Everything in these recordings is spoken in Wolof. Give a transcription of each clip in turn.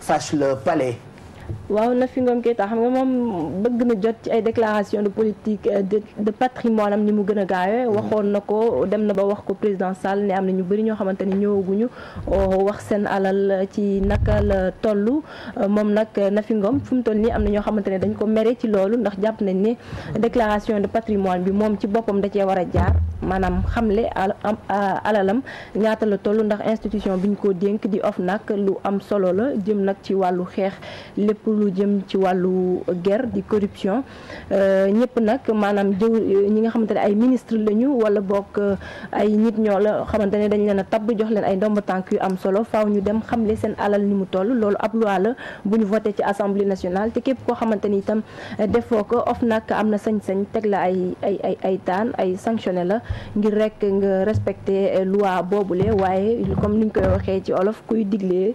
Fâche le palais. waaw Nafi Ngom Keïta xam nga moom bëgg na jot ci ay déclaration de politique euh, de de patrimoine am ni mu gën a gaawee mm-hmm. waxoon na ko dem na ba wax ko président Sall ne am na ñu bëri ñoo xamante ni ñëwaguñu oh, wax seen alal ci naka la toll euh, moom nag Nafi ngoom fu mu toll nii am na ñoo xamante ne dañ ko mere ci loolu ndax jàpp nañ ne déclaration de patrimoine bi moom ci boppam da war a jaar maanaam xamle alalam ñaata la toll ndax institution bi ñu ko dénk di of nag lu am solo la jëm nag ci wàllu xeex lu jëm ci walu guerre di corruption euh ñepp nak manam jëw ñi eh, nga xamantene ay ministre lañu wala bok ay nit ñoo la xamantene dañ leena tab jox leen ay ndomb tank yu am solo faaw ñu dem xam li seen alal ni mu toll lolu ab loi la buñu voté ci assemblée nationale te kep ko xamantene itam eh, defo ko of nak amna sañ sañ tek la ay ay ay ay tan ay sanctionné la ngir rek nga respecter eh, loi bobule waye comme niñ koy waxé ci olof kuy diglé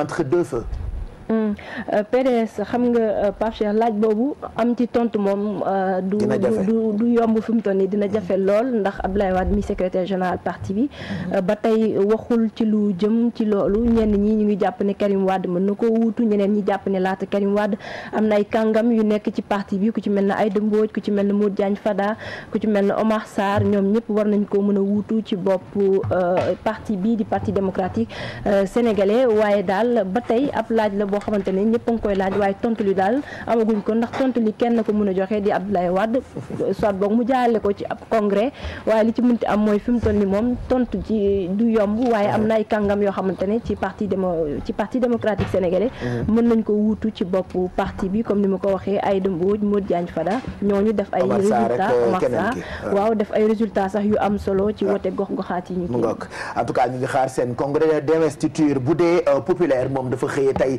entre deux feux. Mm. Euh, PDS xam nga euh, Pape Cheikh laaj boobu am ci tontu moom. Euh, du du du yomb fi mu toll nii dina jafe lool ndax ab Abdoulaye Wade mi secrétaire général parti bi. Mhm. ba tey waxul ci lu jëm ci loolu ñenn ñi ñu ngi jàpp ne Karim Wade mën na ko wuutu ñeneen ñi jàpp ne laata Karim Wade am na ay kàngam yu nekk ci parti bi ku ci mel ne Aïda Mbodj ku ci mel ne Modou Diagne Fada ku ci mel ne Omar saar ñoom ñëpp war nañ ko mën a wuutu ci bopp parti bii di parti démocratique sénégalais waaye daal xamante ne ñëpp a ngi koy laaj waaye tontu li daal amaguñ ko ndax tontu li kenn ko mën a joxe di Abdoulaye Wade soit boog mu jaarale ko ci ab congrès ni moom tontu ci du yomb waaye am na ay kàngam yoo xamante ne ci mhm. bi comme ni ma ko waxee Aïda Mbodj Modou Diagne Fada ñooñu def ay résultat euh, Omarsa waaw def ay résultat sax yu am solo ci ah. wote gox-goxaat yi ñu mu ngoog en ñu ngi xaar seen congrès d'investiture bu dee euh, populaire moom dafa xëyee tey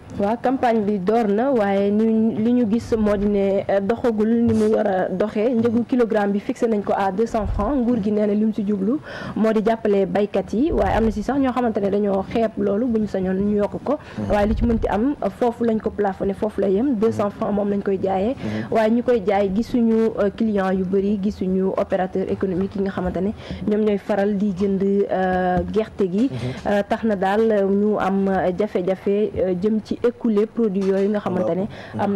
waaw campagne bi door na waaye ñu li ñu gis moo di ne euh, doxagul ni mu war a doxee njëgu kilogramme bi fixé nañ ko à 200 francs nguur gi nee na li mu si jublu moo di jàppale baykat yi waaye am na si sax ñoo xamante ne dañoo xeeb loolu bu ñu sañoon ñu yokk ko mm-hmm. waaye li ci mënti am foofu lañ ko plafonné foofu la yem 200 francs moom lañu koy jaayee mm-hmm. waaye ñu koy jaay gisuñu euh, client yu bëri gisuñu opérateur économique yi nga xamante ne ñoom ñooy faral di jënd euh, gerte gi mm-hmm. tax na daal ñu am jafe jëm ci écoulé produit yoy nga ah, am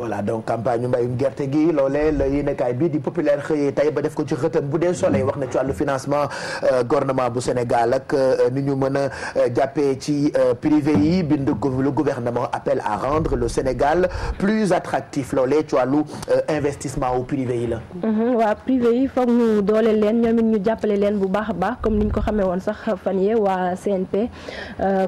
voilà donc campagne mbayum gi l'olé di populaire tay ba def ko ci bu financement euh, gouvernement Sénégal ak euh, ni ñu mëna euh, privé le gouvernement appelle à rendre le Sénégal plus attractif l'olé ci investissement au privé privé yi mhm, ñu ñu comme niñ ko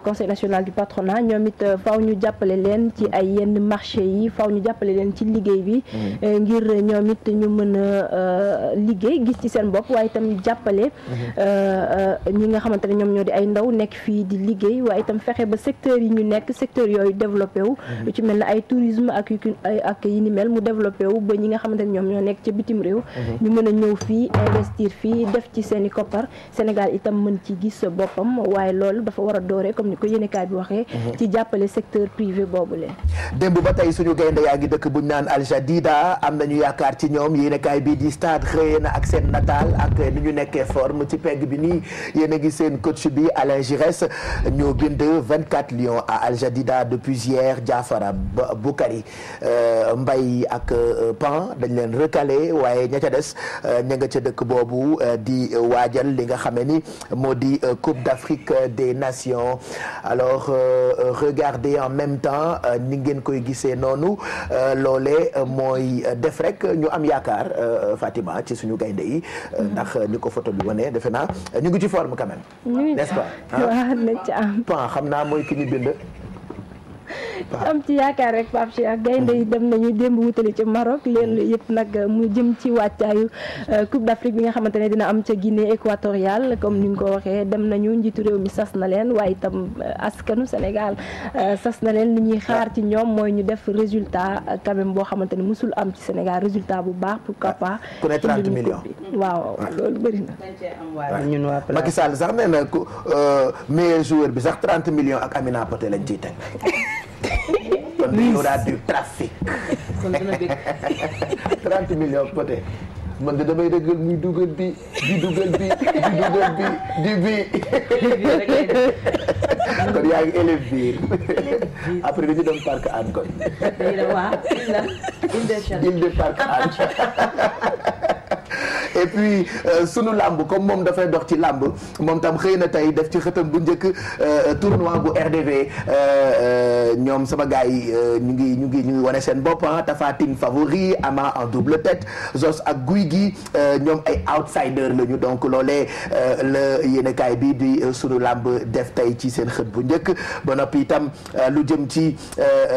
conseil national du patronat ah ñoom it euh, faw ñu jàppale leen ci ay yenn marché yi faw ñu jàppale leen ci liggéey bi mm-hmm. euh, ngir ñoom it ñu mën a euh, liggéey gis ci seen bopp waaye itam jàppale mm-hmm. ñi nga xamante ne ñoom ñoo di ay ndaw nekk fii di liggéey waaye itam fexe ba secteur yi ñu nekk secteur yooyu développé wu mm-hmm. lu ci mel ne ay tourisme ak ak yi ni mel mu développé wu ba ñi nga xamante ne ñoom ñoo nekk ci bitim réew ñu mën a ñëw fii investir fii def ci seen i koppar Sénégal itam mën ci gis boppam waaye loolu dafa war a doore comme ni ko yéenekaay waxee Mhm. ci jàppale secteur privé boobu leen démb ba tey suñu gaynde yaa ngi dëkk buñ naan Al Jadida am nañu yaakaar ci ñoom yéenekaay bii di stade xëy na ak seen natal ak ni ñu nekkee forme ci pegg bi nii yéen a ngi seen coach bi Alain Giresse ñoo bind 24 lions à Al Jadida depuis hier Diafara Boukari euh, mbay ak euh, Pan dañ leen recalé waaye ña ca des euh, ña nga ca dëkk boobu di waajal li nga xamee ni moo di Coupe d'Afrique des Nations alors euh, regarder en même temps euh, ni koy gissé nous euh, lolé moy def ñu am yakar Fatima ci suñu gaynde yi mm-hmm. ndax ni photo ñu ngi ci forme quand même n'est-ce pas hein? am ci yaakaar rek Pape Cheikh gaynde yi dem nañu démb wutali ci Maroc leen yëpp nag mu jëm ci wàccaayu euh, Coupe d'Afrique bi nga xamante ne dina am ca Guinée équatoriale comme ni nga ko waxee dem nañu njiitu réew mi sas na leen waaye itam euh, askanu Sénégal euh, sas na leen ni ñuy xaar ci ñoom mooy ñu def résultat quand boo xamante ne musul am ci Sénégal résultat bu baax pourquoi ah, pas ku ne 30 millions waaw ah. loolu bëri na ñun waa Macky Sall sax bi sax 30 millions ak Amina Poté lañ ciy kon il y aura du trafic. kon dina dégg. 30 millions peut-être. man de damay dëggal muy dugal bi di dugal bi di dugal bi di bi kon yaa ngi élève biir après dañu dem parc Hann kon. Île de parc Hann et puis euh, sunu lamb comme da fay dox ci lamb mom tam xeyna tay def ci xëtam bu euh, tournoi bu RDV euh, ñom sama gars yi ñu ngi ñu ngi ñu ngi wane seen ah, favori Ama en double tête Zos ak guigui ñom ay outsider le ñu donc l'olé le yéenekaay bi di sunu lamb def tay ci sen xët bu njëkk ba nopi tam lu jëm ci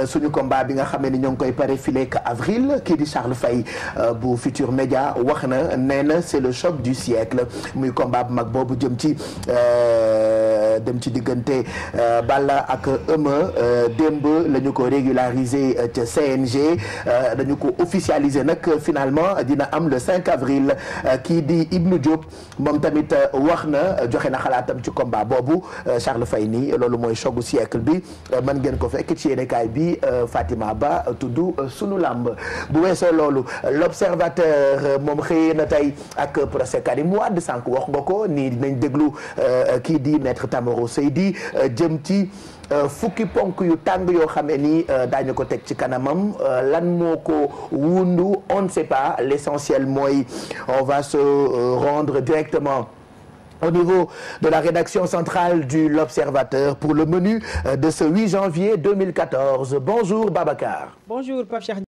suñu combat bi nga xamé ni ñong koy pare fileek avril qui di Charles Faye bu Futur Média wax na c'est le choc du siècle muy combat bu euh dem ci diggante euh, Balla ak que euh, démb lañu le ko régulariser ci euh, CNG dañu ko officialiser nak finalement dina am le 5 avril qui dit Ibnu Diop mom tamit waxna na joxe na xalaatam ci combat bobu Charles Fayni lolu moy mooy chogu siècle bi man ngeen ko fekk ci kay bi Fatima Ba tudd sunu lamb bu weesoo l'eau l'observateur mom xeyena na ak procès Karim Wade de wax nga ko ni dinañ déglu kii di maître Tam on ne sait pas l'essentiel moi, on va se euh, rendre directement au niveau de la rédaction centrale du L'Observateur pour le menu euh, de ce 8 janvier 2014. Bonjour Babacar. Bonjour Pape